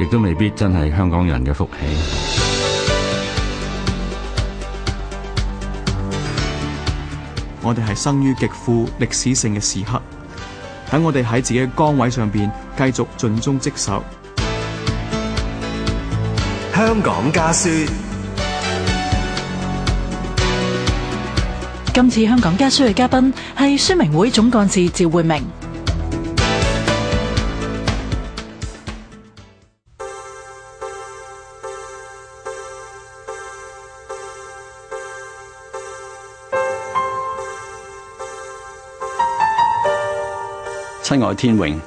亦都未必真係香港人嘅福氣。我哋係生於極富歷史性嘅時刻，喺我哋喺自己嘅崗位上面繼續盡忠職守。香港家書。今次香港家書嘅嘉賓係宣明會總幹事趙煥明。西外天永，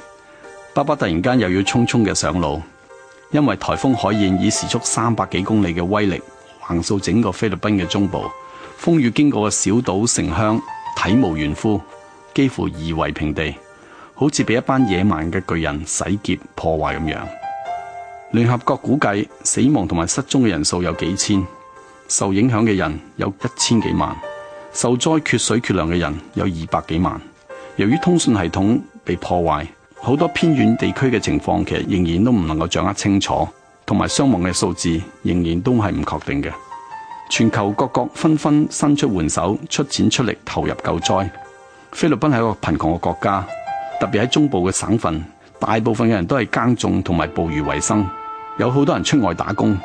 爸爸突然間又要匆匆嘅上路，因為颱風海燕以時速三百幾公里嘅威力橫掃整個菲律賓嘅中部，風雨經過嘅小島城鄉體無完膚，幾乎夷為平地，好似俾一班野蠻嘅巨人洗劫破壞咁樣。聯合國估計死亡同埋失蹤嘅人數有幾千，受影響嘅人有一千幾萬，受災缺水缺糧嘅人有二百幾萬。由於通訊系統，被破壞，好多偏遠地區嘅情況其實仍然都唔能夠掌握清楚，同埋傷亡嘅數字仍然都係唔確定嘅。全球各國紛紛伸出援手，出錢出力投入救災。菲律賓係一個貧窮嘅國家，特別喺中部嘅省份，大部分嘅人都係耕種同埋捕魚為生，有好多人出外打工。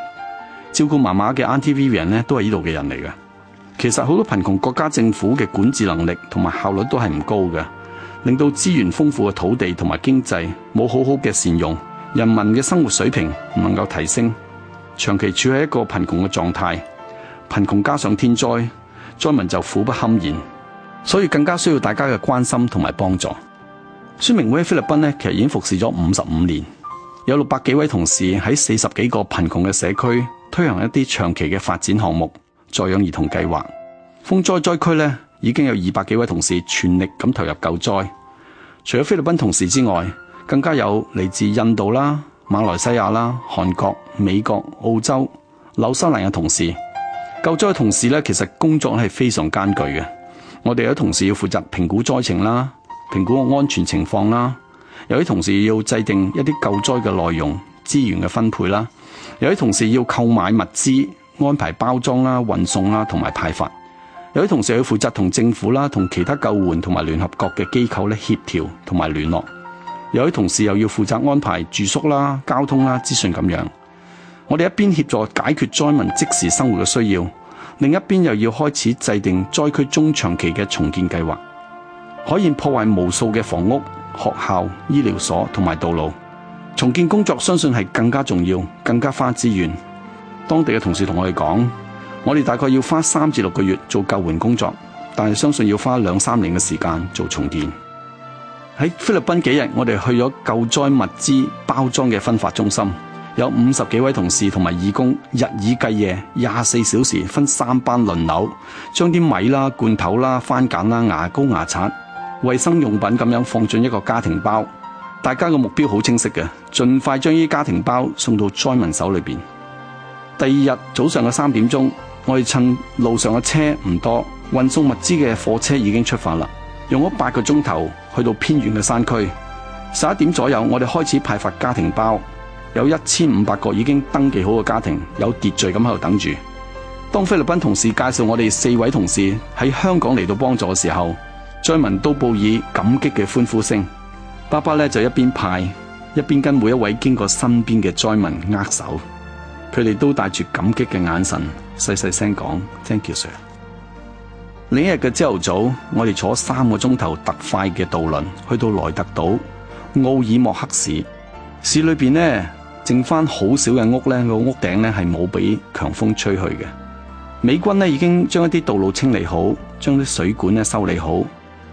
照顧媽媽嘅 Auntie Vivian 咧都係呢度嘅人嚟嘅。其實好多貧窮國家政府嘅管治能力同埋效率都係唔高嘅。令到資源豐富嘅土地同埋經濟冇好好嘅善用，人民嘅生活水平唔能夠提升，長期處喺一個貧窮嘅狀態。貧窮加上天災，災民就苦不堪言，所以更加需要大家嘅關心同埋幫助。宣明會喺菲律賓呢，其實已經服侍咗五十五年，有六百幾位同事喺四十幾個貧窮嘅社區推行一啲長期嘅發展項目、助養兒童計劃。風災災區呢，已經有二百幾位同事全力咁投入救災，除咗菲律賓同事之外，更加有嚟自印度啦、馬來西亞啦、韓國、美國、澳洲、紐西蘭嘅同事。救災嘅同事咧，其實工作咧係非常艱巨嘅。我哋有啲同事要負責評估災情啦，評估安全情況啦；有啲同事要制定一啲救災嘅內容、資源嘅分配啦；有啲同事要購買物資、安排包裝啦、運送啦同埋派發。有啲同事要負責同政府啦、同其他救援同埋聯合國嘅機構咧協調同埋聯絡，有啲同事又要負責安排住宿啦、交通啦、資訊咁樣。我哋一邊協助解決災民即時生活嘅需要，另一邊又要開始制定災區中長期嘅重建計劃。海燕破壞無數嘅房屋、學校、醫療所同埋道路，重建工作相信係更加重要、更加花資源。當地嘅同事同我哋講。我哋大概要花三至六個月做救援工作，但係相信要花兩三年嘅時間做重建。喺菲律賓幾日，我哋去咗救災物資包裝嘅分發中心，有五十幾位同事同埋義工日以繼夜廿四小時分三班輪流，將啲米啦、罐頭啦、番鹼啦、牙膏牙刷、衛生用品咁樣放進一個家庭包。大家嘅目標好清晰嘅，盡快將呢啲家庭包送到災民手裏邊。第二日早上嘅三點鐘。我哋趁路上嘅車唔多，運送物資嘅火車已經出發啦，用咗八個鐘頭去到偏遠嘅山區，十一點左右，我哋開始派發家庭包。有一千五百個已經登記好嘅家庭，有秩序咁喺度等住。當菲律賓同事介紹我哋四位同事喺香港嚟到幫助嘅時候，災民都報以感激嘅歡呼聲。爸爸咧就一邊派，一邊跟每一位經過身邊嘅災民握手。佢哋都帶住感激嘅眼神，細細聲講 Thank you, sir。另一日嘅朝頭早，我哋坐三個鐘頭特快嘅渡輪去到萊特島奧爾莫克市市裏邊呢，剩返好少嘅屋呢，個屋頂呢係冇俾強風吹去嘅。美軍呢已經將一啲道路清理好，將啲水管呢修理好，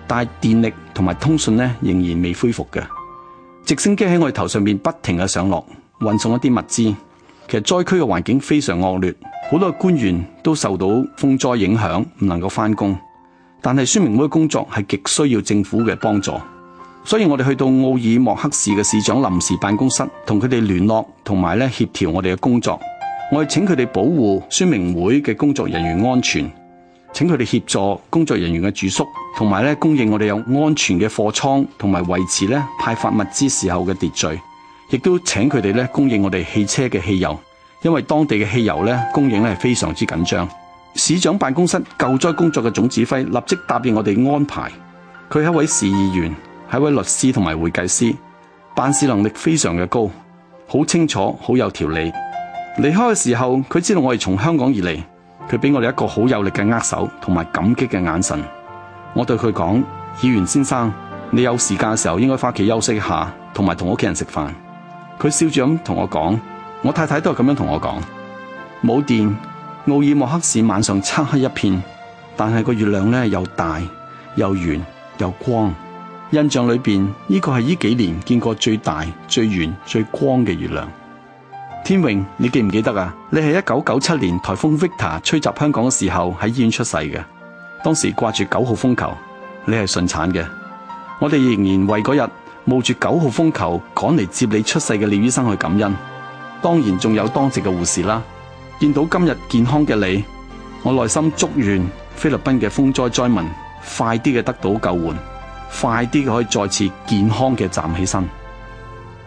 但係電力同埋通訊呢仍然未恢復嘅。直升機喺我哋頭上面不停嘅上落，運送一啲物資。其實災區嘅環境非常惡劣，好多的官員都受到風災影響唔能夠翻工。但係宣明會工作係極需要政府嘅幫助，所以我哋去到奧爾莫克市嘅市長臨時辦公室，同佢哋聯絡同埋咧協調我哋嘅工作。我哋請佢哋保護宣明會嘅工作人員安全，請佢哋協助工作人員嘅住宿，同埋咧供應我哋有安全嘅貨倉，同埋維持咧派發物資時候嘅秩序。亦都請佢哋咧供應我哋汽車嘅汽油，因為當地嘅汽油咧供應咧係非常之緊張。市長辦公室救災工作嘅總指揮立即答應我哋安排。佢係一位市議員，係一位律師同埋會計師，辦事能力非常嘅高，好清楚，好有條理。離開嘅時候，佢知道我哋從香港而嚟，佢俾我哋一個好有力嘅握手同埋感激嘅眼神。我對佢講：議員先生，你有時間嘅時候應該返屋企休息一下，同埋同屋企人食飯。佢笑住咁同我講，我太太都係咁樣同我講。冇電，奧爾莫克市晚上漆黑一片，但係個月亮咧又大又圓又光，印象裏邊呢個係呢幾年見過最大最圓最光嘅月亮。天榮，你記唔記得啊？你係一九九七年台風 Victor 吹襲香港嘅時候喺醫院出世嘅，當時掛住九號風球，你係順產嘅，我哋仍然為嗰日。冒住九號風球趕嚟接你出世嘅廖醫生去感恩，當然仲有當值嘅護士啦。見到今日健康嘅你，我內心祝願菲律賓嘅風災災民快啲嘅得到救援，快啲嘅可以再次健康嘅站起身。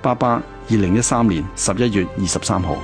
爸爸，二零一三年十一月二十三號。